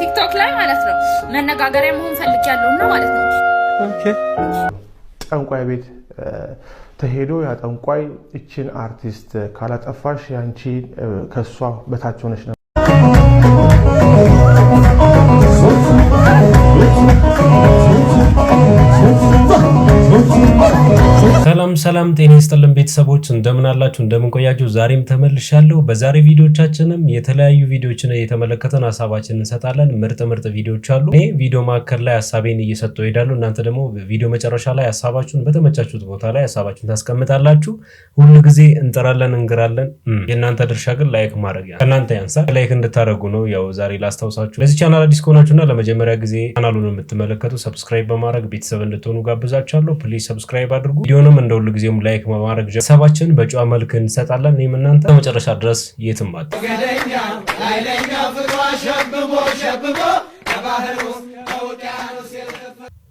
ቲክቶክ ላይ ማለት ነው መነጋገሪያ መሆን ፈልጊያለሁ እና ማለት ነው ጠንቋይ ቤት ተሄዶ ያ ጠንቋይ እችን አርቲስት ካላጠፋሽ ያንቺ ከእሷ በታች ሆነች ነው ሰላም ሰላም፣ ጤና ይስጥልን ቤተሰቦች እንደምን አላችሁ? እንደምን ቆያችሁ? ዛሬም ተመልሻለሁ። በዛሬ ቪዲዮቻችንም የተለያዩ ቪዲዮችን እየተመለከተን ሀሳባችን እንሰጣለን። ምርጥ ምርጥ ቪዲዮች አሉ። እኔ ቪዲዮ መካከል ላይ ሀሳቤን እየሰጠው ሄዳለሁ። እናንተ ደግሞ ቪዲዮ መጨረሻ ላይ ሀሳባችሁን በተመቻችሁት ቦታ ላይ ሀሳባችሁን ታስቀምጣላችሁ። ሁሉ ጊዜ እንጥራለን፣ እንግራለን። የእናንተ ድርሻ ግን ላይክ ማድረግ ከእናንተ ያንሳል። ላይክ እንድታደርጉ ነው ያው ዛሬ ላስታውሳችሁ። ለዚህ ቻናል አዲስ ከሆናችሁና ለመጀመሪያ ጊዜ ቻናሉን የምትመለከቱ ሰብስክራይብ በማድረግ ቤተሰብ እንድትሆኑ ጋብዛችኋለሁ። ፕሊዝ ሰብስክራይብ አድርጉ። ቪዲዮንም እንደ ሁሉ ጊዜም ላይክ በማድረግ ሀሳባችንን በጨዋ መልክ እንሰጣለን። ይህም እናንተ ከመጨረሻ ድረስ የትም አት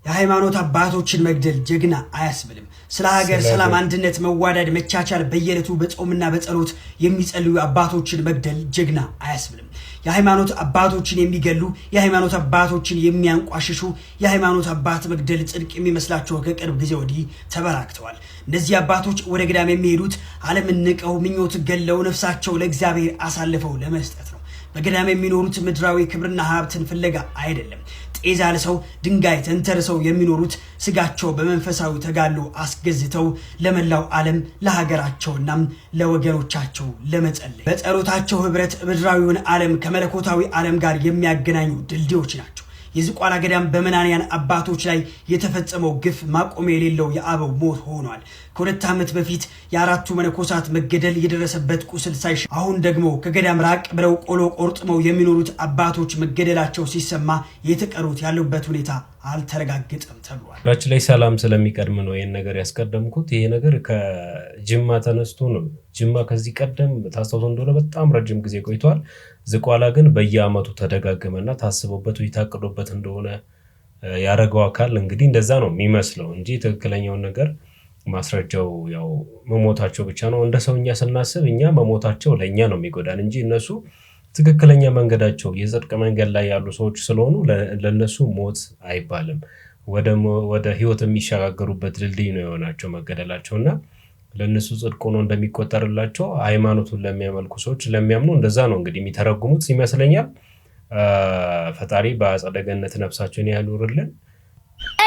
የሃይማኖት አባቶችን መግደል ጀግና አያስብልም። ስለ ሀገር ሰላም፣ አንድነት፣ መዋዳድ፣ መቻቻል በየዕለቱ በጾምና በጸሎት የሚጸልዩ አባቶችን መግደል ጀግና አያስብልም። የሃይማኖት አባቶችን የሚገሉ የሃይማኖት አባቶችን የሚያንቋሽሹ የሃይማኖት አባት መግደል ጽድቅ የሚመስላቸው ከቅርብ ጊዜ ወዲህ ተበራክተዋል። እነዚህ አባቶች ወደ ገዳም የሚሄዱት ዓለምን ንቀው ምኞት ገለው ነፍሳቸው ለእግዚአብሔር አሳልፈው ለመስጠት ነው። በገዳም የሚኖሩት ምድራዊ ክብርና ሀብትን ፍለጋ አይደለም። ጤዛ ልሰው ድንጋይ ተንተርሰው የሚኖሩት ስጋቸው በመንፈሳዊ ተጋድሎ አስገዝተው ለመላው ዓለም ለሀገራቸውና ለወገኖቻቸው ለመጸለይ በጸሎታቸው ህብረት ምድራዊውን ዓለም ከመለኮታዊ ዓለም ጋር የሚያገናኙ ድልድዮች ናቸው። የዝቋላ ገዳም በመናንያን አባቶች ላይ የተፈጸመው ግፍ ማቆሚያ የሌለው የአበው ሞት ሆኗል። ከሁለት ዓመት በፊት የአራቱ መነኮሳት መገደል የደረሰበት ቁስል ሳይሽ አሁን ደግሞ ከገዳም ራቅ ብለው ቆሎ ቆርጥመው የሚኖሩት አባቶች መገደላቸው ሲሰማ የተቀሩት ያሉበት ሁኔታ አልተረጋገጠም ተብሏል። ራች ላይ ሰላም ስለሚቀድም ነው ይህን ነገር ያስቀደምኩት። ይሄ ነገር ከጅማ ተነስቶ ነው። ጅማ ከዚህ ቀደም ታስታውሶ እንደሆነ በጣም ረጅም ጊዜ ቆይቷል። ዝቋላ ግን በየዓመቱ እና ታስቦበት ወይ ታቅዶበት እንደሆነ ያደረገው አካል እንግዲህ እንደዛ ነው የሚመስለው እንጂ ትክክለኛውን ነገር ማስረጃው ያው መሞታቸው ብቻ ነው። እንደ ሰውኛ እኛ ስናስብ እኛ መሞታቸው ለእኛ ነው የሚጎዳን እንጂ እነሱ ትክክለኛ መንገዳቸው የጽድቅ መንገድ ላይ ያሉ ሰዎች ስለሆኑ ለነሱ ሞት አይባልም። ወደ ህይወት የሚሸጋገሩበት ድልድይ ነው የሆናቸው መገደላቸው እና ለእነሱ ጽድቅ ሆኖ እንደሚቆጠርላቸው ሃይማኖቱን ለሚያመልኩ ሰዎች ለሚያምኑ እንደዛ ነው እንግዲህ የሚተረጉሙት ይመስለኛል። ፈጣሪ በአጸደ ገነት ነፍሳቸውን ያኑርልን።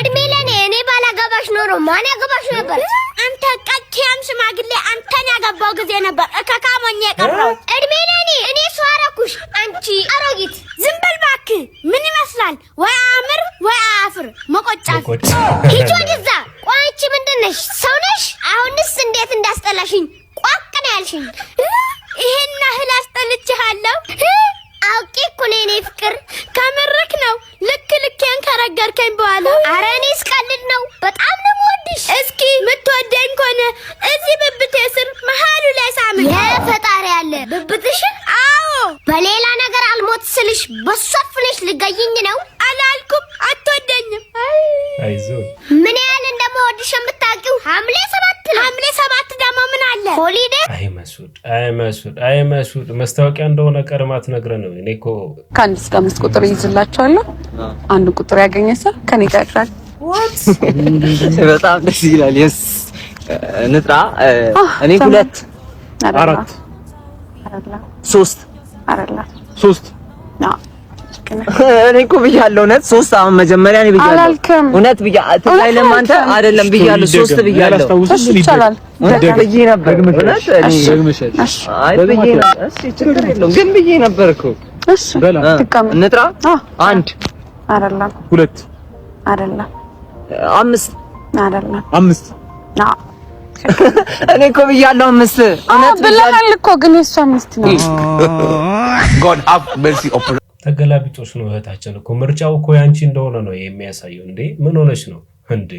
እድሜ ለኔ እኔ ባላገባሽ ኖሮ ማን ያገባሽ ነበር? አንተ ቀኪያም ሽማግሌ አንተን ያገባው ጊዜ ነበር እከካሞኝ የቀረው እድሜ ለኔ እሱ አረኩሽ አንቺ አሮጊት ዝም በል እባክህ። ምን ይመስላል? ወይ አምር ወይ አፍር መቆጫት። ሂጅ ግዛ ቆይ ምንድን ነሽ? ሰው ነሽ? አሁንስ እንዴት እንዳስጠላሽኝ! ቋቅ ነው ያልሽኝ። ይሄን ያህል አስጠልቼሃለሁ? አውቄ እኮ ነው የኔ ፍቅር፣ ከምርክ ነው። ልክ ልኬን ከረገርከኝ በኋላ አረ እኔ ስቀልድ ነው። በጣም ነው የምወድሽ። እስኪ የምትወደኝ ከሆነ እዚህ ብብቴ ስር መሀሉ ላይ ሳምን። የፈጣሪ ያለ ብብትሽን። አዎ፣ በሌላ ነገር አልሞት ስልሽ በሷፍነሽ ልገይኝ ነው አይ መሱድ አይ መሱድ መስታወቂያ እንደሆነ ቀድማ ትነግረን ነው። እኔ እኮ ከአንድ እስከ አምስት ቁጥር ይዝላቸዋለሁ። አንድ ቁጥር ያገኘ ሰው ከኔ ጋር ያድራል። በጣም ደስ ይላል። የስ ንጥራ እኔ ሁለት አራት ሶስት አራት ሶስት እኔ እኮ ብያለሁ እውነት ሶስት አሁን መጀመሪያ እኔ ብያለሁ እውነት ብያለሁ አይደለም አንተ አይደለም ብያለሁ ሶስት ብያለሁ እሺ ብዬ ነበር እውነት እኔ አይ ብዬ ነበር ግን ብዬ ነበር እኮ እሺ ትቀመጥ እንጥራ አንድ አይደለም ሁለት አይደለም አምስት አይደለም አምስት እኔ እኮ ብያለሁ አምስት ብለሃል እኮ ግን የእሱ አምስት ነው ተገላቢጦች ነው እህታችን እኮ ምርጫው እኮ ያንቺ እንደሆነ ነው የሚያሳየው። እንዴ ምን ሆነች ነው እንዴ?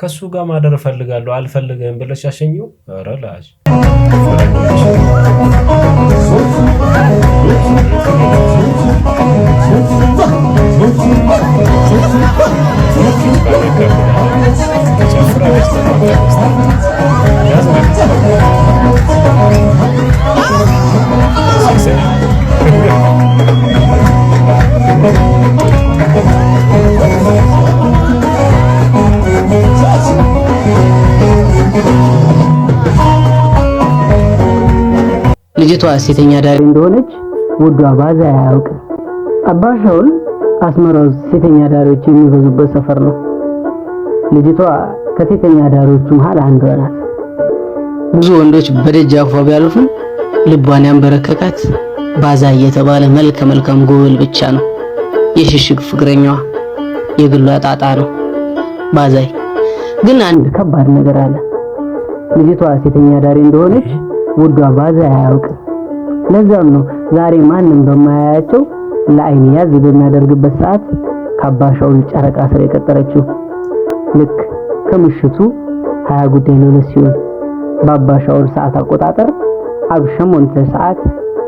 ከሱ ጋር ማደር እፈልጋለሁ አልፈልግህም ብለሽ ያሸኘው ረላሽ ልጅቷ ሴተኛ ዳሪ እንደሆነች ውዷ ባዛ አያውቅም። አባሻውል አስመራ ውስጥ ሴተኛ ዳሪዎች የሚበዙበት ሰፈር ነው። ልጅቷ ከሴተኛ ዳሪዎቹ መሃል አንዷ ናት። ብዙ ወንዶች በደጅ አፏ ቢያልፉም ልቧን ያንበረከካት ባዛ እየተባለ መልከ መልካም ጎብል ብቻ ነው። የሽሽግ ፍቅረኛዋ የግሏ ጣጣ ነው ባዛይ። ግን አንድ ከባድ ነገር አለ። ልጅቷ ሴተኛ ዳሪ እንደሆነች ውዷ ባዛይ አያውቅም። ለዛም ነው ዛሬ ማንም በማያያቸው ለአይን ያዝ በሚያደርግበት ሰዓት ካባሻውን ጨረቃ ስር የቀጠረችው። ልክ ከምሽቱ ሀያ ጉዳይ ነው ሲሆን በአባሻውን ሰዓት አቆጣጠር አብሸሞንተ ሰዓት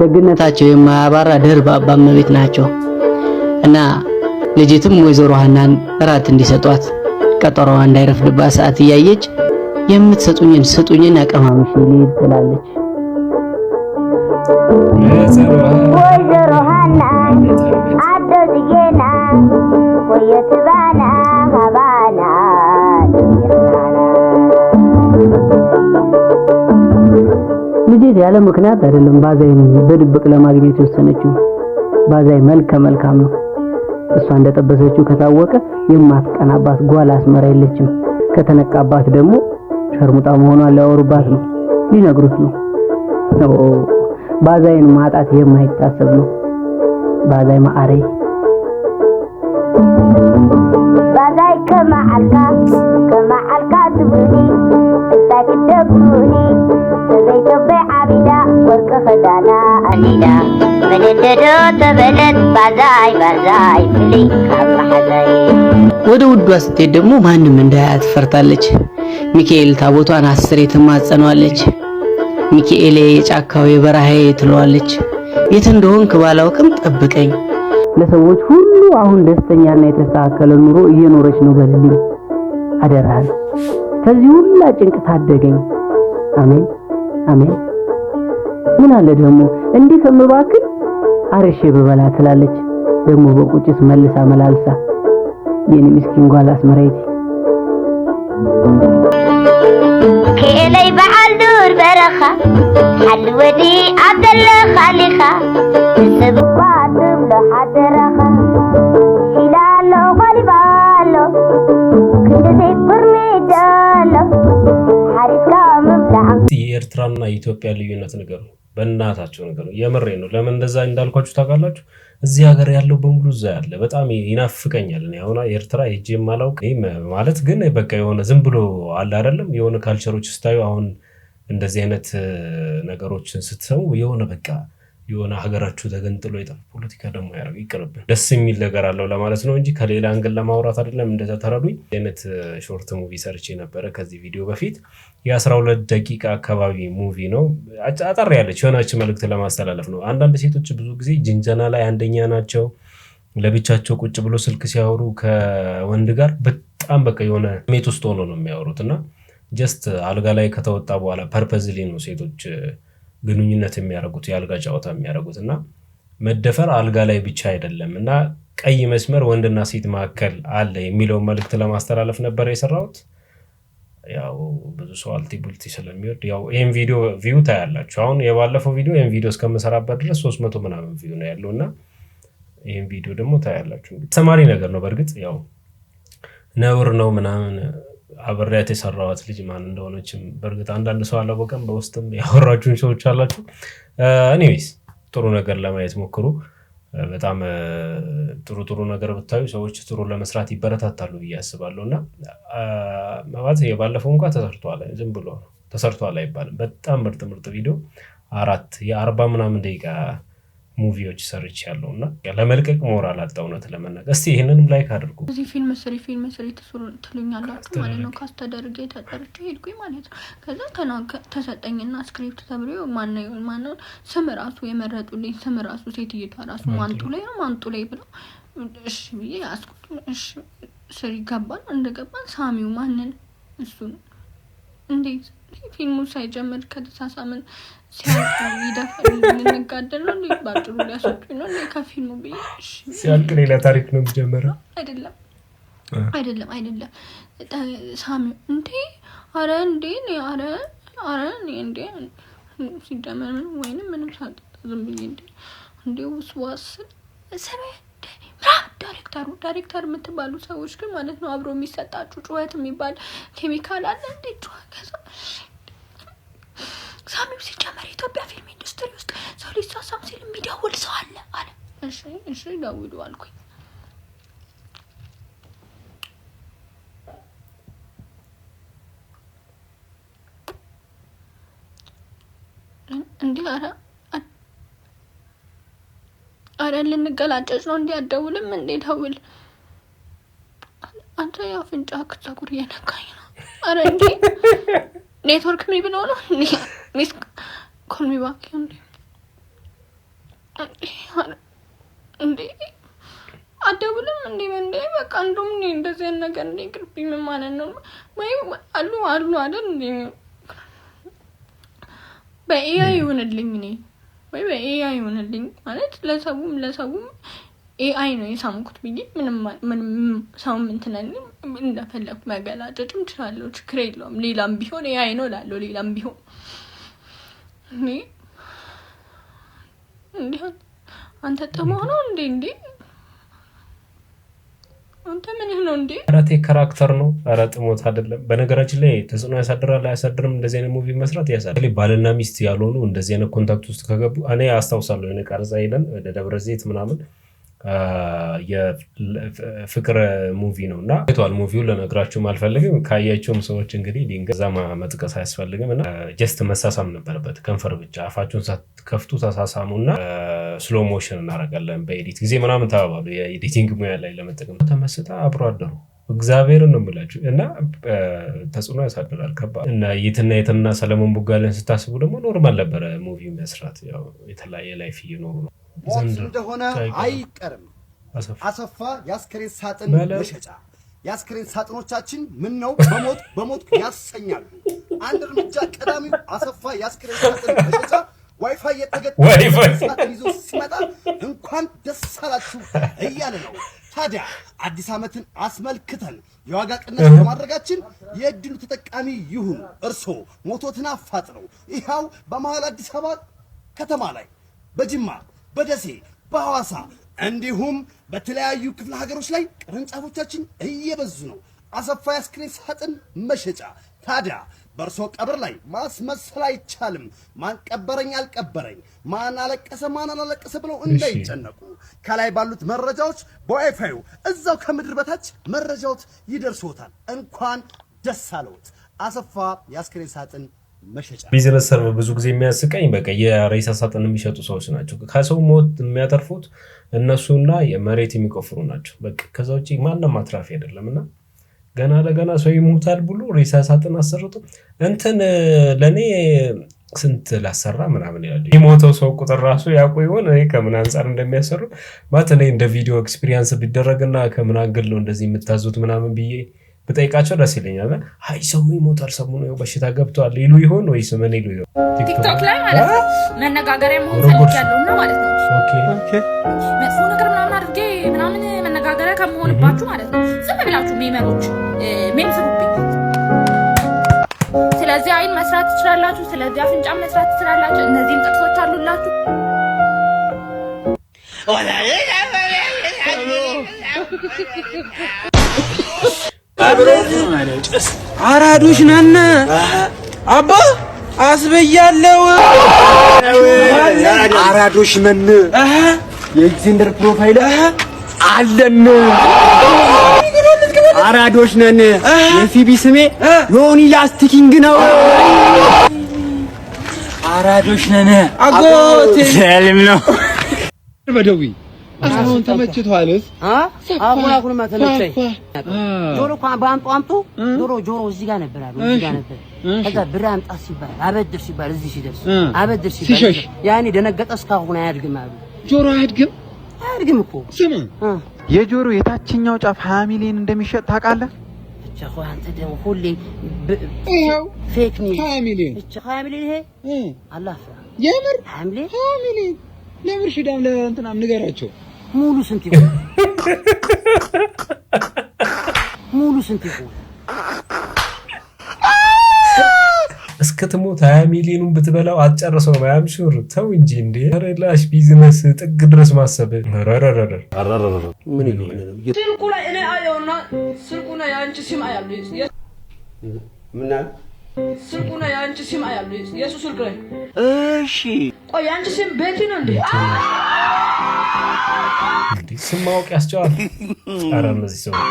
ደግነታቸው የማያባራ ደርብ እመቤት ናቸው እና ልጅትም ወይዘሮ ሀናን እራት እንዲሰጧት ቀጠሮዋ እንዳይረፍድባት ሰዓት እያየች የምትሰጡኝን ስጡኝን አቀማመጥ ልይ ትላለች። ወይዘሮ ሀና አዶ ወየትባና ልጅት ያለ ምክንያት አይደለም ባዛይን በድብቅ ለማግኘት የወሰነችው። ባዛይ መልከ መልካም ነው። እሷ እንደጠበሰችው ከታወቀ የማትቀናባት ጓል አስመራ የለችም። ከተነቃባት ደግሞ ሸርሙጣ መሆኗን ሊያወሩባት ነው፣ ሊነግሩት ነው። ባዛይን ማጣት የማይታሰብ ነው። ባዛይ ማአሬ ባዛይ ከማዓልካ ከማዓልካ ትብሪ መደደዶ ተበለት ባዛይ ባዛይ ወደ ውዷ ስትሄድ ደግሞ ማንም እንዳያት ፈርታለች። ሚካኤል ታቦቷን አስሬ ትማጸኗለች። ሚካኤሌ የጫካው የበረሃዬ ትለዋለች። የት እንደሆንክ ባላውቅም ጠብቀኝ። ለሰዎች ሁሉ አሁን ደስተኛና የተስተካከለ ኑሮ እየኖረች ነው በልልኝ አደራል። ከዚህ ሁላ ጭንቅ ታደገኝ። አሜን አሜን። ምን አለ ደግሞ እንዲህ ከምባክን አርሼ ብበላ ትላለች። ደግሞ በቁጭት መልሳ መላልሳ የኔ ምስኪን ጓላስ መሬት ከላይ በዓል ዱር በረኻ ወዲ ኣብደለ ኻሊኻ ንስብኳ ትብሎ ሓደረኻ የኤርትራና የኢትዮጵያ ልዩነት ነገር ነው። በእናታቸው ነገር ነው። የምሬ ነው። ለምን እንደዛ እንዳልኳችሁ ታውቃላችሁ? እዚህ ሀገር ያለው በሙሉ እዛ ያለ በጣም ይናፍቀኛል። እኔ አሁን ኤርትራ ሄጄ የማላውቅ ማለት ግን በቃ የሆነ ዝም ብሎ አለ አይደለም የሆነ ካልቸሮች ስታዩ አሁን እንደዚህ አይነት ነገሮችን ስትሰሙ የሆነ በቃ የሆነ ሀገራችሁ ተገንጥሎ የጠፍ ፖለቲካ ደግሞ ያደርግ ይቅርብን፣ ደስ የሚል ነገር አለው ለማለት ነው እንጂ ከሌላ አንግል ለማውራት አይደለም። እንደዛ ተረዱኝ። አይነት ሾርት uh, ሙቪ ሰርቼ ነበረ ከዚህ ቪዲዮ በፊት የአስራ ሁለት ደቂቃ አካባቢ ሙቪ ነው። አጠር ያለች የሆናች መልዕክት ለማስተላለፍ ነው። አንዳንድ ሴቶች ብዙ ጊዜ ጅንጀና ላይ አንደኛ ናቸው። ለብቻቸው ቁጭ ብሎ ስልክ ሲያወሩ ከወንድ ጋር በጣም በቃ የሆነ ሜት ውስጥ ሆኖ ነው የሚያወሩት እና ጀስት አልጋ ላይ ከተወጣ በኋላ ፐርፐዝሊ ነው ሴቶች ግንኙነት የሚያደርጉት የአልጋ ጨዋታ የሚያደርጉት እና መደፈር አልጋ ላይ ብቻ አይደለም እና ቀይ መስመር ወንድና ሴት መካከል አለ የሚለውን መልእክት ለማስተላለፍ ነበር የሰራሁት። ያው ብዙ ሰው ቡልቲ ስለሚወድ ያው ይህም ቪዲዮ ቪው ታያላችሁ። አሁን የባለፈው ቪዲዮ ይህም ቪዲዮ እስከምሰራበት ድረስ ሶስት መቶ ምናምን ቪው ነው ያለው እና ይህም ቪዲዮ ደግሞ ታያላችሁ። ተማሪ ነገር ነው በእርግጥ ያው ነውር ነው ምናምን አብሬያት የሰራዋት ልጅ ማን እንደሆነችም በእርግጥ አንዳንድ ሰው አላወቀም። በውስጥም ያወራችሁን ሰዎች አላችሁ። እኒዌይስ ጥሩ ነገር ለማየት ሞክሩ። በጣም ጥሩ ጥሩ ነገር ብታዩ ሰዎች ጥሩ ለመስራት ይበረታታሉ ብዬ አስባለሁ። እና ማለት የባለፈው እንኳ ተሰርቷል፣ ዝም ብሎ ተሰርተዋል አይባልም። በጣም ምርጥ ምርጥ ቪዲዮ አራት የአርባ ምናምን ደቂቃ ሙቪዎች ሰርች ያለው እና ለመልቀቅ ሞራል አጣ። እውነት ለመናገር እስቲ ይህንንም ላይክ አድርጉ። እዚህ ፊልም ስሪ ፊልም ስሪ ትሉኛላችሁ ማለት ነው። ካስተደርጌ ተጠርቼ ሄድኩኝ ማለት ነው። ከዛ ተሰጠኝና ስክሪፕት ተብሎ ማነው ማነው ስም ራሱ የመረጡልኝ ስም ራሱ ሴትዮቷ ራሱ ማንጡ ላይ ነው ማንጡ ላይ ብለው እሺ ብዬ አስኩት። እሺ ስሪ ገባን። እንደገባን ሳሚው ማንን እሱ ነው እንዴት ፊልሙ ሳይጀምር ከተሳሳምን ሲያልቅ ሌላ ታሪክ ነው የሚጀመረው። አይደለም አይደለም አይደለም። ሳሚ እንዴ፣ አረ እንዴ፣ አረ አረ እንዴ፣ ሲጀመር ወይንም ምንም ሳልጠጣ ዝም ብዬ እንዴ እንዴ ዳይሬክተሩ ዳይሬክተር የምትባሉ ሰዎች ግን ማለት ነው አብሮ የሚሰጣችሁ ጩኸት የሚባል ኬሚካል አለ እንዴ ጩኸት ሳሚም ሲጀመር የኢትዮጵያ ፊልም ኢንዱስትሪ ውስጥ ሰው ሊሳሳም ሲል የሚደውል ሰው አለ አለ። እሺ እሺ ደውሉ አልኩኝ። እንዲህ አረ አረ ልንገላጨጭ ነው። እንዲህ አደውልም እንዴ ደውል። አንተ የአፍንጫ ፀጉር እየነካኝ ነው። አረ እንዴ ኔትወርክ ምን ብሎ ነው ሚስ ኮል ሚ ባክ እንዴ እንዴ አደውልም እንዴ እንዴ በቃ እንደም እንዴ እንደዚህ ነገር እንዴ ቅርብ ምን ማለት ነው ወይ አሉ አሉ አይደል እንዴ በኤአይ ይሆንልኝ እኔ ወይ በኤአይ ይሆንልኝ ማለት ለሰውም ለሰውም ኤአይ ነው የሳምኩት ብዬ ምንም ሰውም እንትን እንደፈለግኩ እንደፈለኩ መገላጨጭም እችላለሁ፣ ችግር የለውም። ሌላም ቢሆን ኤአይ ነው ላለው ሌላም ቢሆን እኔ እንዲሆን አንተ ጥሞህ ነው እንዴ? እንዴ አንተ ምንህ ነው እንዴ? ረት ካራክተር ነው። ኧረ ጥሞት አይደለም። በነገራችን ላይ ተጽዕኖ ያሳድራል አያሳድርም? እንደዚህ አይነት ሙቪ መስራት ያሳድ ባልና ሚስት ያልሆኑ እንደዚህ አይነት ኮንታክት ውስጥ ከገቡ እኔ አስታውሳለሁ የሆነ ቀረጻ ሄደን ወደ ደብረ ዘይት ምናምን የፍቅር ሙቪ ነው እና ቷል ሙቪውን ልነግራችሁም አልፈልግም። ካያቸውም ሰዎች እንግዲህ ዲንገዛ መጥቀስ አያስፈልግም እና ጀስት መሳሳም ነበረበት። ከንፈር ብቻ አፋችሁን ከፍቱ ተሳሳሙ እና ስሎ ሞሽን እናደርጋለን በኤዲት ጊዜ ምናምን ተባባሉ። የኤዲቲንግ ሙያ ላይ ለመጠቀም ተመስጠ አብሮ አደሩ እግዚአብሔርን ነው የምላችሁ እና ተጽዕኖ ያሳድራል ከባድ እና የትና የትና ሰለሞን ቦጋለን ስታስቡ ደግሞ ኖርማል ነበረ ሙቪ መስራት ያው የተለያየ ላይፍ እየኖሩ ነው ሞት እንደሆነ አይቀርም። አሰፋ የአስከሬን ሳጥን መሸጫ የአስከሬን ሳጥኖቻችን ምን ነው በሞት በሞት ያሰኛሉ። አንድ እርምጃ ቀዳሚው አሰፋ የአስከሬን ሳጥን መሸጫ ዋይፋይ የተገጠመለት ሳጥን ይዞ ሲመጣ እንኳን ደስ አላችሁ እያለ ነው። ታዲያ አዲስ ዓመትን አስመልክተን የዋጋ ቅናሽ በማድረጋችን የእድሉ ተጠቃሚ ይሁኑ። እርስዎ ሞቶትን አፋጥነው ይኸው በመሀል አዲስ አበባ ከተማ ላይ በጅማ በደሴ በሐዋሳ እንዲሁም በተለያዩ ክፍለ ሀገሮች ላይ ቅርንጫፎቻችን እየበዙ ነው። አሰፋ የአስክሬን ሳጥን መሸጫ። ታዲያ በእርሶ ቀብር ላይ ማስመሰል አይቻልም። ማን ቀበረኝ አልቀበረኝ፣ ማን አለቀሰ ማን አላለቀሰ ብለው እንዳይጨነቁ ከላይ ባሉት መረጃዎች በዋይፋዩ እዛው ከምድር በታች መረጃዎች ይደርሶታል። እንኳን ደስ አለዎት። አሰፋ የአስክሬን ሳጥን ቢዝነስ ሰርቭ ብዙ ጊዜ የሚያስቀኝ በቃ የሬሳ ሳጥን የሚሸጡ ሰዎች ናቸው። ከሰው ሞት የሚያተርፉት እነሱና መሬት የሚቆፍሩ ናቸው። በቃ ከዛ ውጭ ማንም አትራፊ አይደለም። እና ገና ለገና ሰው ይሞታል ብሎ ሬሳ ሳጥን አሰርቶ እንትን ለእኔ ስንት ላሰራ ምናምን ይላሉ። የሞተው ሰው ቁጥር ራሱ ያውቁ ይሆን ከምን አንጻር እንደሚያሰሩ ማለት እኔ እንደ ቪዲዮ ኤክስፒሪየንስ ቢደረግና ከምን አንግል ነው እንደዚህ የምታዙት ምናምን ብዬ ብጠይቃቸው ደስ ይለኛል። አይ ሰሙ ይሞታል፣ ሰሙ ነው በሽታ ገብተዋል ይሉ ይሆን ወይ ስምን ይሉ ይሆን? ቲክቶክ ላይ ማለት ነው መነጋገሪያ መሆን ፈልጊያለሁ ያለውና ማለት ነው መጥፎ ነገር ምናምን አድርጌ ምናምን መነጋገሪያ ከመሆንባችሁ ማለት ነው ዝም ብላችሁ ሜመሮች ሜም ስሩብኝ። ስለዚህ አይን መስራት ትችላላችሁ፣ ስለዚህ አፍንጫ መስራት ትችላላችሁ። እነዚህም ጥቅሶች አሉላችሁ። አራዶች ነን አባ አስበያለው። አራዶች መን የኤግዜንደር ፕሮፋይል አለን። አራዶሽ ነን። የፊቢ ስሜ ሎኒ ላስቲኪንግ ነው። አራዶሽ ነን። አጎቴ ሰልም ነው በደዊ አሁን ተመችቷልስ? አሁን አሁን ተመቸኝ። ጆሮ እኮ በአምጦ አምጦ ጆሮ ጆሮ እዚህ ጋር ነበር አሉ እዚህ ጋር ነበር። ከዛ ብር አምጣ ሲባል አበድር ሲባል እዚህ ሲደርስ አበድር ሲባል ያኔ ደነገጠ። እስካሁን አያድግም አሉ ጆሮ አያድግም አያድግም እኮ ስማ፣ የጆሮ የታችኛው ጫፍ ሀያ ሚሊዮን እንደሚሸጥ ታውቃለህ? ብቻ አንተ ደግሞ ሁሌ ፌክ ነው። ሀያ ሚሊዮን ብቻ ሚሊዮን ይሄ አላህ የምር ሀያ ሚሊዮን ለምር ሽዳም ለእንትናም ንገራቸው ሙሉ ስንት ይሆናል? ሙሉ ስንት ይሆናል? እስከ ሀያ ሚሊዮኑን ብትበላው አትጨርሰው። ማያም ሹር ተው እንጂ እንዴ! ኧረ ቢዝነስ ጥግ ድረስ ማሰብ ምን ስልኩ ነው የአንቺ ሲም አያሉ የሱ ስልክ ላይ እሺ፣ ቆይ የአንቺ ሲም ቤቲ ነው እንዴ? ስም ማወቅ ያስቸዋል። ኧረ እነዚህ ሰዎች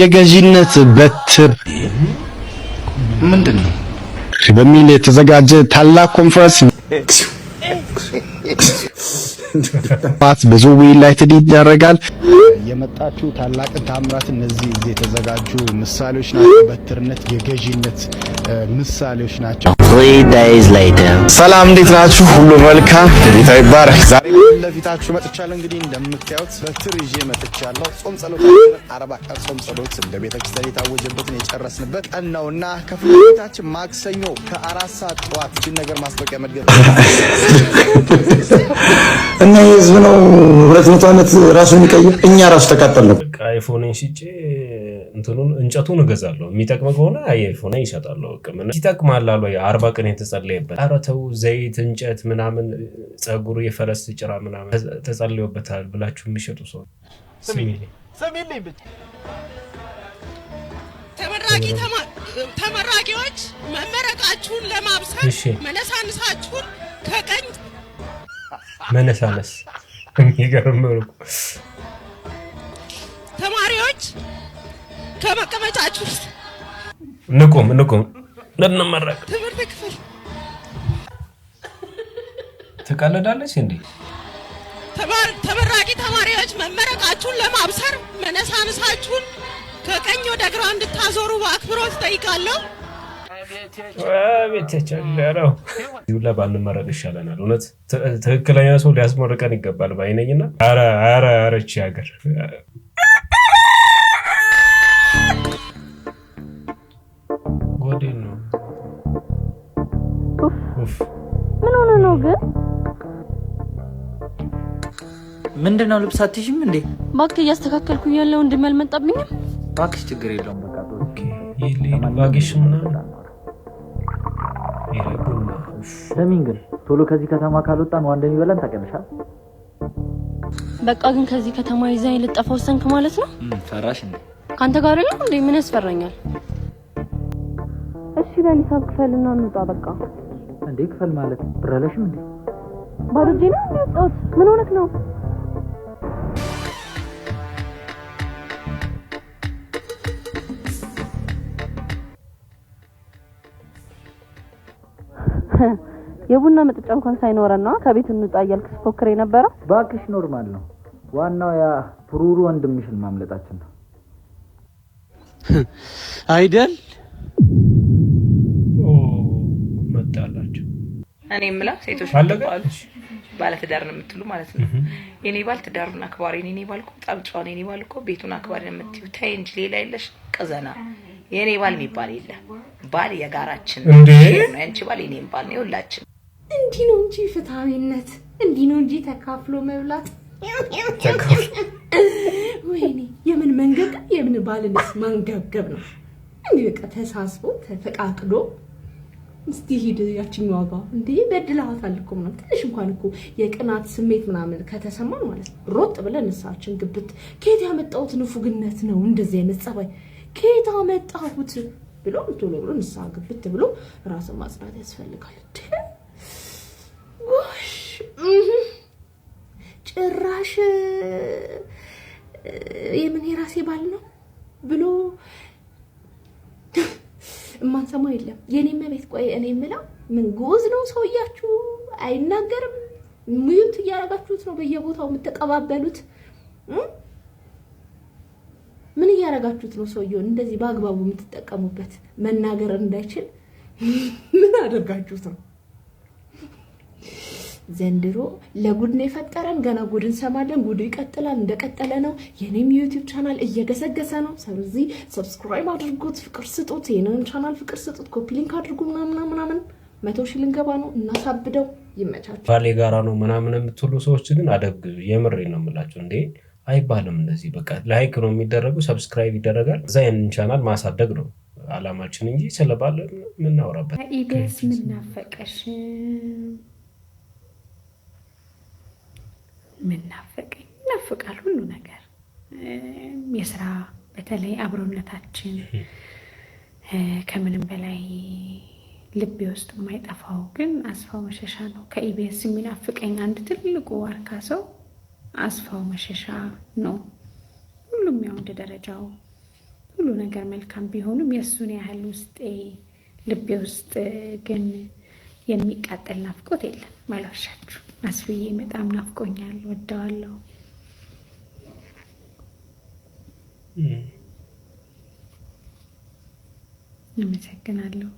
የገዢነት በትር ምንድን ነው በሚል የተዘጋጀ ታላቅ ኮንፈረንስ ት በዙ ላይ ትድ ይደረጋል። የመጣችሁ ታላቅን ታምራት እነዚህ እዚህ የተዘጋጁ ምሳሌዎች ናቸው። በትርነት የገዢነት ምሳሌዎች ናቸው። ሰላም እንዴት ናችሁ? ሁሉ መልካም ጌታ ይባረክ። ዛሬ ለፊታችሁ መጥቻለሁ። እንግዲህ እንደምታዩት በትር ይዤ መጥቻለሁ። ጾም ጸሎታችን አርባ ቀን ጾም ጸሎት እንደ ቤተ ክርስቲያን የታወጀበትን የጨረስንበት ቀን ነው እና ቤታችን ማክሰኞ ከአራት ሰዓት ጠዋት እጅን ነገር ማስታወቂያ መድገት እና የህዝብ ነው ሁለት መቶ ዓመት ራሱን ይቀይር እኛ ራሱ ተቃጠል ነው። አይፎን ሽጬ እንትኑን እንጨቱን እገዛለሁ። የሚጠቅም ከሆነ አይፎን ይሸጣለሁ። ቅምና ይጠቅማል አሉ አርባ ቀን የተጸለየበት። ኧረ ተው ዘይት፣ እንጨት ምናምን ጸጉሩ የፈረስ ጭራ ምናምን ተጸለዩበታል ብላችሁ የሚሸጡ ሰው ተመራቂ ተመራቂዎች መመረቃችሁን ለማብሰር መነሳንሳችሁን ከቀኝ መነሳነስ የሚገርም ተማሪዎች ከመቀመጫችሁ ውስጥ ንቁም ንቁም ልንመረቅ ትምህርት ክፍል ትቀልዳለች እንዴ? ተመራቂ ተማሪዎች መመረቃችሁን ለማብሰር መነሳንሳችሁን ከቀኝ ወደ ግራ እንድታዞሩ በአክብሮት ጠይቃለሁ። ቤቴቻለው ሁላ ባንመረቅ ይሻለናል። እውነት ትክክለኛ ሰው ሊያስመርቀን ይገባል ባይነኝና ኧረ ኧረ ኧረ ሀገር ጎዴን ነው። ምን ሆነ ነው ግን? ምንድን ነው ልብስ አትይዥም እንዴ? እባክህ እያስተካከልኩኝ ያለው ወንድሜ አልመጣብኝም። እባክሽ ችግር የለውም በቃ ሰሚን ግን ቶሎ ከዚህ ከተማ ካልወጣን ውሃ እንደሚበላን ታቀንሻል። በቃ ግን ከዚህ ከተማ ይዛ ልጠፋ ወሰንክ ማለት ነው ፈራሽ እንዴ? ከአንተ ጋር አይደለም እንዴ? ምን ያስፈራኛል? እሺ በል ሂሳብ ክፈልና እንውጣ በቃ። እንዴ ክፈል ማለት ብር አለሽም እንዴ? ባዶ እጄን ነው የወጣሁት። ምን ሆነክ ነው? የቡና መጠጫ እንኳን ሳይኖረን ነዋ ከቤት እንውጣ እያልክ ስትፎክር የነበረው። ባክሽ ኖርማል ነው። ዋናው ያ ፕሩሩ ወንድምሽን ማምለጣችን ነው። አይደል? መጣላቸው እኔ የምለው ሴቶች ባለትዳር ነው የምትሉ ማለት ነው። የኔ ባል ትዳሩን አክባሪ ነው፣ የኔ ባል እኮ በጣም የኔ ባል እኮ ቤቱን አክባሪ ነው የምትዩ ተይ እንጂ ሌላ የለሽ ቀዘና የኔ ባል የሚባል የለም። ባል የጋራችን ነው። ያንቺ ባል የኔም ባል ነው፣ የሁላችን። እንዲህ ነው እንጂ ፍትሐዊነት፣ እንዲህ ነው እንጂ ተካፍሎ መብላት ወይኔ የምን መንገድ የምን ባልንስ ማንገብገብ ነው። እንዲህ በቃ ተሳስቦ ተፈቃቅዶ እስቲ ሂድ ያችኛዋ ዋጋ እንዴ በድለሃታል እኮ ምናምን ትንሽ እንኳን እኮ የቅናት ስሜት ምናምን ከተሰማን ማለት ነው ሮጥ ብለን ንሳችን ግብት። ከየት ያመጣሁት ንፉግነት ነው እንደዚህ አይነት ጸባይ ከየት አመጣሁት ብሎ ቶሎ ብሎ ንስሐ ግብት ብሎ ራስን ማጽዳት ያስፈልጋል። ጭራሽ የምን የራሴ ባል ነው ብሎ እማንሰማው የለም። የኔ መቤት ቆይ፣ እኔ የምለው ምን ጉዝ ነው ሰውያችሁ? አይናገርም። ሙዩት እያደረጋችሁት ነው በየቦታው የምትቀባበሉት። ምን እያደረጋችሁት ነው? ሰውየውን እንደዚህ በአግባቡ የምትጠቀሙበት መናገር እንዳይችል ምን አደርጋችሁት ነው? ዘንድሮ ለጉድን የፈጠረን። ገና ጉድ እንሰማለን። ጉዱ ይቀጥላል፣ እንደቀጠለ ነው። የኔም ዩቲዩብ ቻናል እየገሰገሰ ነው። ስለዚህ ሰብስክራይብ አድርጉት፣ ፍቅር ስጡት፣ ይህንን ቻናል ፍቅር ስጡት፣ ኮፒ ሊንክ አድርጉ ምናምና ምናምን። መቶ ሺህ ልንገባ ነው፣ እናሳብደው። ይመቻቸው። ባሌ ጋራ ነው ምናምን የምትሉ ሰዎች ግን አደግ የምሬ ነው የምላቸው እንዴ አይባልም እንደዚህ። በቃ ላይክ ነው የሚደረጉ፣ ሰብስክራይብ ይደረጋል። እዛ ያንን ቻናል ማሳደግ ነው አላማችን እንጂ ስለባለ ምናወራበት ኢቤስ ምናፈቀሽ ምናፈቀኝ ይናፍቃል ሁሉ ነገር የስራ በተለይ አብሮነታችን ከምንም በላይ ልቤ ውስጥ የማይጠፋው ግን አስፋው መሸሻ ነው። ከኢቢኤስ የሚናፍቀኝ አንድ ትልቁ ዋርካ ሰው አስፋው መሸሻ ነው። ሁሉም ያው እንደ ደረጃው ሁሉ ነገር መልካም ቢሆንም የእሱን ያህል ውስጤ ልቤ ውስጥ ግን የሚቃጠል ናፍቆት የለም። መሏሻችሁ አስብዬ በጣም ናፍቆኛል፣ ወደዋለሁ። አመሰግናለሁ።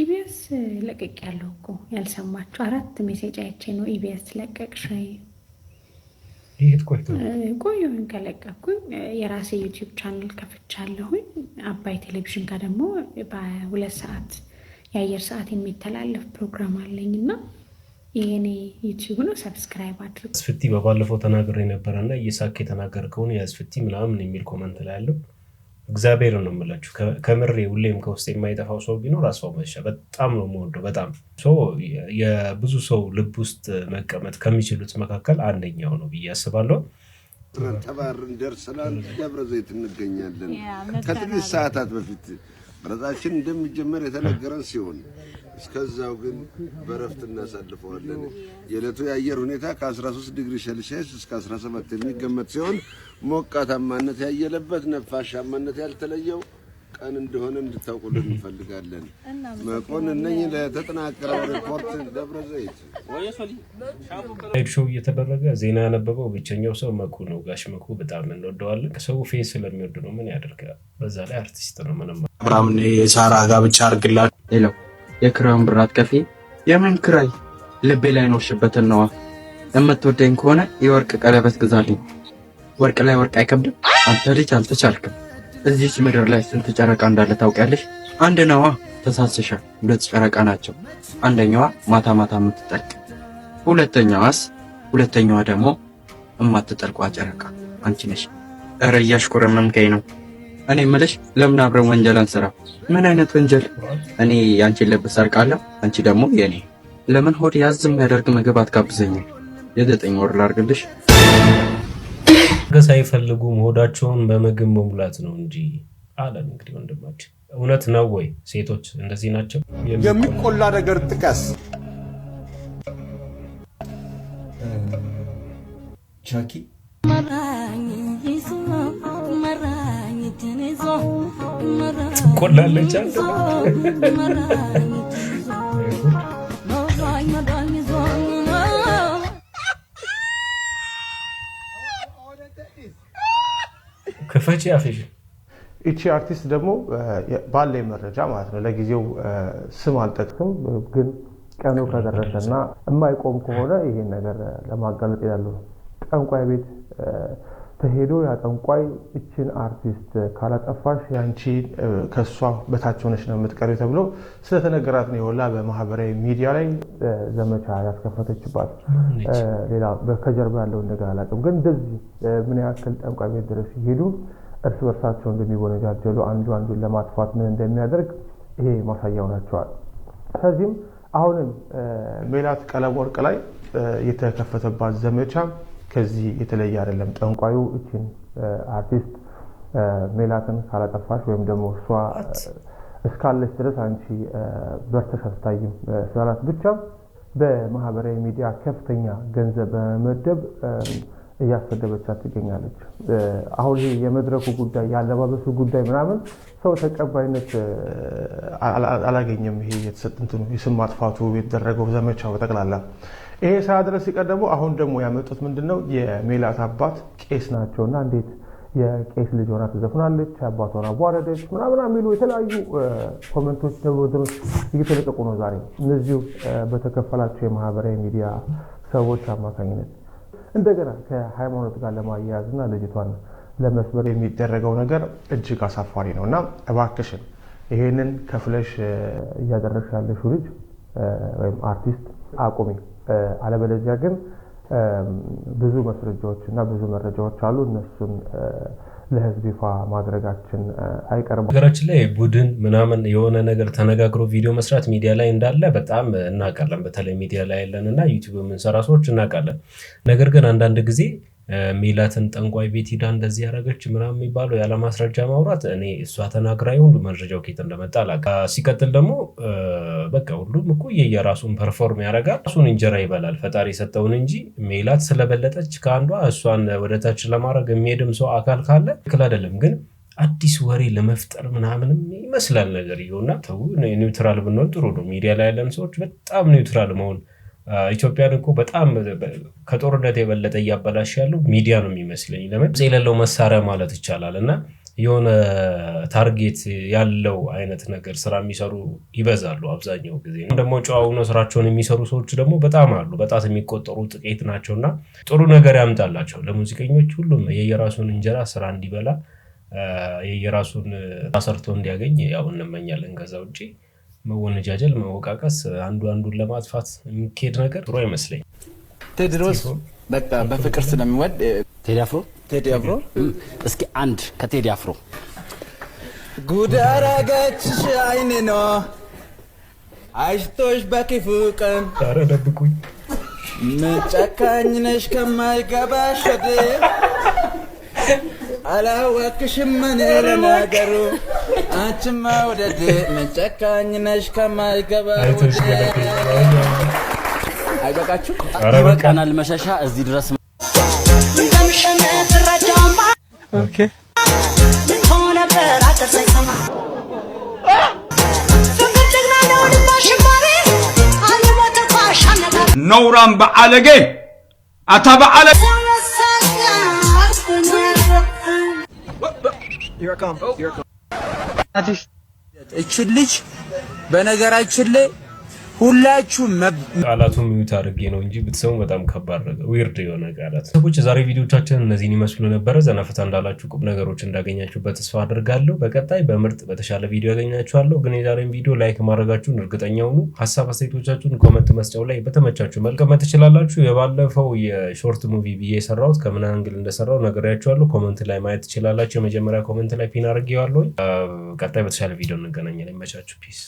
ኢቢኤስ ለቀቅ ያለው እኮ ያልሰማችሁ አራት ሜሴጅ አይቼ ነው ኢቢኤስ ለቀቅ ሻይ ቆየሁኝ ከለቀኩኝ የራሴ ዩቲዩብ ቻናል ከፍቻለሁኝ አባይ ቴሌቪዥን ጋር ደግሞ በሁለት ሰዓት የአየር ሰዓት የሚተላለፍ ፕሮግራም አለኝ እና ይሄኔ ዩቲዩብ ነው፣ ሰብስክራይብ አድርጉ። አስፍቲ በባለፈው ተናግሬ ነበረ እና እየሳክ የተናገር ከሆነ ያስፍቲ ምናምን የሚል ኮመንት ላይ ያለው እግዚአብሔር ነው የምላችሁ። ከምሬ ሁሌም ከውስጥ የማይጠፋው ሰው ቢኖር አስፋው በሻ በጣም ነው የምወደው። በጣም የብዙ ሰው ልብ ውስጥ መቀመጥ ከሚችሉት መካከል አንደኛው ነው ብዬ አስባለሁ። ተባርን ደርሰናል። ደብረ ዘይት እንገኛለን ከጥቂት ሰዓታት በፊት ጥረታችን እንደሚጀመር የተነገረን ሲሆን እስከዛው ግን በረፍት እናሳልፈዋለን። የዕለቱ የአየር ሁኔታ ከ13 ዲግሪ ሴልሺየስ እስከ 17 የሚገመት ሲሆን ሞቃታማነት ያየለበት ነፋሻማነት ያልተለየው ቀን እንደሆነ እንድታውቁልን እንፈልጋለን። መቆን እነኝ ለተጠናቀረው ሪፖርት ደብረ ዘይት። ላይቭ ሾው እየተደረገ ዜና ያነበበው ብቸኛው ሰው መኩ ነው። ጋሽ መኩ በጣም እንወደዋለን። ሰው ፌስ ስለሚወድ ነው። ምን ያደርጋል? በዛ ላይ አርቲስት ነው። ምንም አብርሃም የሳራ ጋብቻ አድርግላችሁ። ሌላው የክራውን ብራት ከፌ የምን ክራይ ልቤ ላይ ኖርሽበትን ነዋ። የምትወደኝ ከሆነ የወርቅ ቀለበት ግዛልኝ። ወርቅ ላይ ወርቅ አይከብድም። አንተ ልጅ አልተቻልክም። እዚች ምድር ላይ ስንት ጨረቃ እንዳለ ታውቂያለሽ? አንድ ነዋ። ተሳስሻል። ሁለት ጨረቃ ናቸው። አንደኛዋ ማታ ማታ የምትጠልቅ ሁለተኛዋስ፣ ሁለተኛዋ ደግሞ እማትጠልቋ ጨረቃ አንቺ ነሽ። ኧረ እያሽኮረመምከኝ ነው። እኔ የምልሽ ለምን አብረን ወንጀል አንሰራ? ምን አይነት ወንጀል? እኔ የአንቺን ልብስ ሰርቃለሁ፣ አንቺ ደግሞ የኔ። ለምን ሆድ ያዝ የሚያደርግ ምግብ አትጋብዘኝም? የዘጠኝ ወር ላርግልሽ ሳይፈልጉ ሆዳቸውን በምግብ መሙላት ነው እንጂ አለን። እንግዲህ ወንድማችን እውነት ነው ወይ? ሴቶች እንደዚህ ናቸው? የሚቆላ ነገር ጥቀስ። ቻኪ ቆላለች ፈቺ አፌዥ እቺ አርቲስት ደግሞ ባለኝ መረጃ ማለት ነው ለጊዜው ስም አልጠቅስም፣ ግን ቀኑ ከደረሰና የማይቆም ከሆነ ይሄን ነገር ለማጋለጥ ይላሉ። ጠንቋይ ቤት ተሄዶ ያ ጠንቋይ እችን አርቲስት ካላጠፋሽ ያንቺ ከእሷ በታች ሆነች ነው የምትቀሪው ተብሎ ስለተነገራት ነው የወላ በማህበራዊ ሚዲያ ላይ ዘመቻ ያስከፈተችባት። ሌላ ከጀርባ ያለውን ነገር አላውቅም፣ ግን እንደዚህ ምን ያክል ጠንቋይ ቤት ድረስ ይሄዱ እርስ በርሳቸው እንደሚወነጃጀሉ፣ አንዱ አንዱን ለማጥፋት ምን እንደሚያደርግ ይሄ ማሳያ ናቸዋል። ስለዚህም አሁንም ሜላት ቀለም ወርቅ ላይ የተከፈተባት ዘመቻ ከዚህ የተለየ አይደለም። ጠንቋዩ እችን አርቲስት ሜላትን ካላጠፋሽ ወይም ደግሞ እሷ እስካለች ድረስ አንቺ በርተሽ አትታይም ስላላት ብቻ በማህበራዊ ሚዲያ ከፍተኛ ገንዘብ በመመደብ እያሰደበቻት ትገኛለች። አሁን ይሄ የመድረኩ ጉዳይ የአለባበሱ ጉዳይ ምናምን ሰው ተቀባይነት አላገኘም። ይሄ የተሰጥንትኑ የስም ማጥፋቱ የተደረገው ዘመቻው በጠቅላላ ይሄ ሳያደረስ ሲቀር ደግሞ አሁን ደግሞ ያመጡት ምንድነው የሜላት አባት ቄስ ናቸውእና እንዴት የቄስ ልጅ ሆና ትዘፍናለች፣ አባቷን አቧረደች ምናምን የሚሉ የተለያዩ ኮመንቶች ነገሮች እየተለቀቁ ነው ዛሬ እነዚሁ በተከፈላቸው የማህበራዊ ሚዲያ ሰዎች አማካኝነት እንደገና ከሃይማኖት ጋር ለማያያዝ እና ልጅቷን ለመስበር የሚደረገው ነገር እጅግ አሳፋሪ ነው እና እባክሽን ይሄንን ከፍለሽ እያደረግሽ ያለሽው ልጅ ወይም አርቲስት አቁሚ። አለበለዚያ ግን ብዙ መስረጃዎች እና ብዙ መረጃዎች አሉ እነሱን ለህዝብ ይፋ ማድረጋችን አይቀርም። ሀገራችን ላይ ቡድን ምናምን የሆነ ነገር ተነጋግሮ ቪዲዮ መስራት ሚዲያ ላይ እንዳለ በጣም እናውቃለን። በተለይ ሚዲያ ላይ ያለን እና ዩቲዩብ የምንሰራ ሰዎች እናውቃለን። ነገር ግን አንዳንድ ጊዜ ሜላትን ጠንቋይ ቤት ሂዳ እንደዚህ ያደረገች ምናምን የሚባለው ያለ ማስረጃ ማውራት እኔ እሷ ተናግራ ይሁን መረጃው ኬት እንደመጣ አላውቅም። ሲቀጥል ደግሞ በቃ ሁሉም እኮ የየራሱን ፐርፎርም ያደርጋል፣ እሱን እንጀራ ይበላል። ፈጣሪ የሰጠውን እንጂ ሜላት ስለበለጠች ከአንዷ እሷን ወደታች ለማድረግ የሚሄድም ሰው አካል ካለ ትክክል አይደለም ግን አዲስ ወሬ ለመፍጠር ምናምንም ይመስላል ነገር እየሆና ተው ኒውትራል ብንሆን ጥሩ ነው። ሚዲያ ላይ ያለን ሰዎች በጣም ኒውትራል መሆን ኢትዮጵያን እኮ በጣም ከጦርነት የበለጠ እያበላሽ ያለው ሚዲያ ነው የሚመስለኝ። ለምን ድምፅ የሌለው መሳሪያ ማለት ይቻላል እና የሆነ ታርጌት ያለው አይነት ነገር ስራ የሚሰሩ ይበዛሉ አብዛኛው ጊዜ። ደግሞ ጨዋ ሆነው ስራቸውን የሚሰሩ ሰዎች ደግሞ በጣም አሉ፣ በጣት የሚቆጠሩ ጥቂት ናቸው እና ጥሩ ነገር ያምጣላቸው ለሙዚቀኞች። ሁሉም የየራሱን እንጀራ ስራ እንዲበላ የየራሱን ሰርቶ እንዲያገኝ ያው እንመኛለን። ከዛ ውጭ መወነጃጀል፣ መወቃቀስ፣ አንዱ አንዱን ለማጥፋት የሚካሄድ ነገር ጥሩ አይመስለኝ። ቴድሮስ በቃ በፍቅር ስለሚወድ ቴዲ አፍሮ ቴዲ አፍሮ እስኪ አንድ ከቴዲ አፍሮ ጉዳራጋችሽ አይን ነው አይሽቶሽ በክፉ ቀን ኧረ ደብቁኝ ጨካኝነሽ ከማይገባሽ ወደ አላወቅሽም ምን ለነገሩ አንቺማ ውደድ ምን ጨካኝ ነሽ ከማይገባ አይበቃችሁ ይበቃናል መሸሻ እዚህ ድረስ ኦኬ ነውራም በአለጌ አታ በአለ እችን ልጅ በነገራችን ላይ ሁላችሁም ቃላቱን ሚዩት አድርጌ ነው እንጂ ብትሰሙ በጣም ከባድ ነገር ዊርድ የሆነ ቃላት። ሰዎች የዛሬ ቪዲዮቻችን እነዚህን ይመስሉ ነበረ። ዘናፈታ እንዳላችሁ ቁም ነገሮች እንዳገኛችሁበት ተስፋ አድርጋለሁ። በቀጣይ በምርጥ በተሻለ ቪዲዮ ያገኛችኋለሁ። ግን የዛሬን ቪዲዮ ላይክ ማድረጋችሁን እርግጠኛ ሁኑ። ሀሳብ አስተያየቶቻችሁን ኮመንት መስጫው ላይ በተመቻችሁ መልቀመት ትችላላችሁ። የባለፈው የሾርት ሙቪ ብዬ የሰራሁት ከምን አንግል እንደሰራው ነገርያችኋለሁ። ኮመንት ላይ ማየት ትችላላችሁ። የመጀመሪያ ኮመንት ላይ ፒን አድርጌዋለሁ። ቀጣይ በተሻለ ቪዲዮ እንገናኛለን። ይመቻችሁ። ፒስ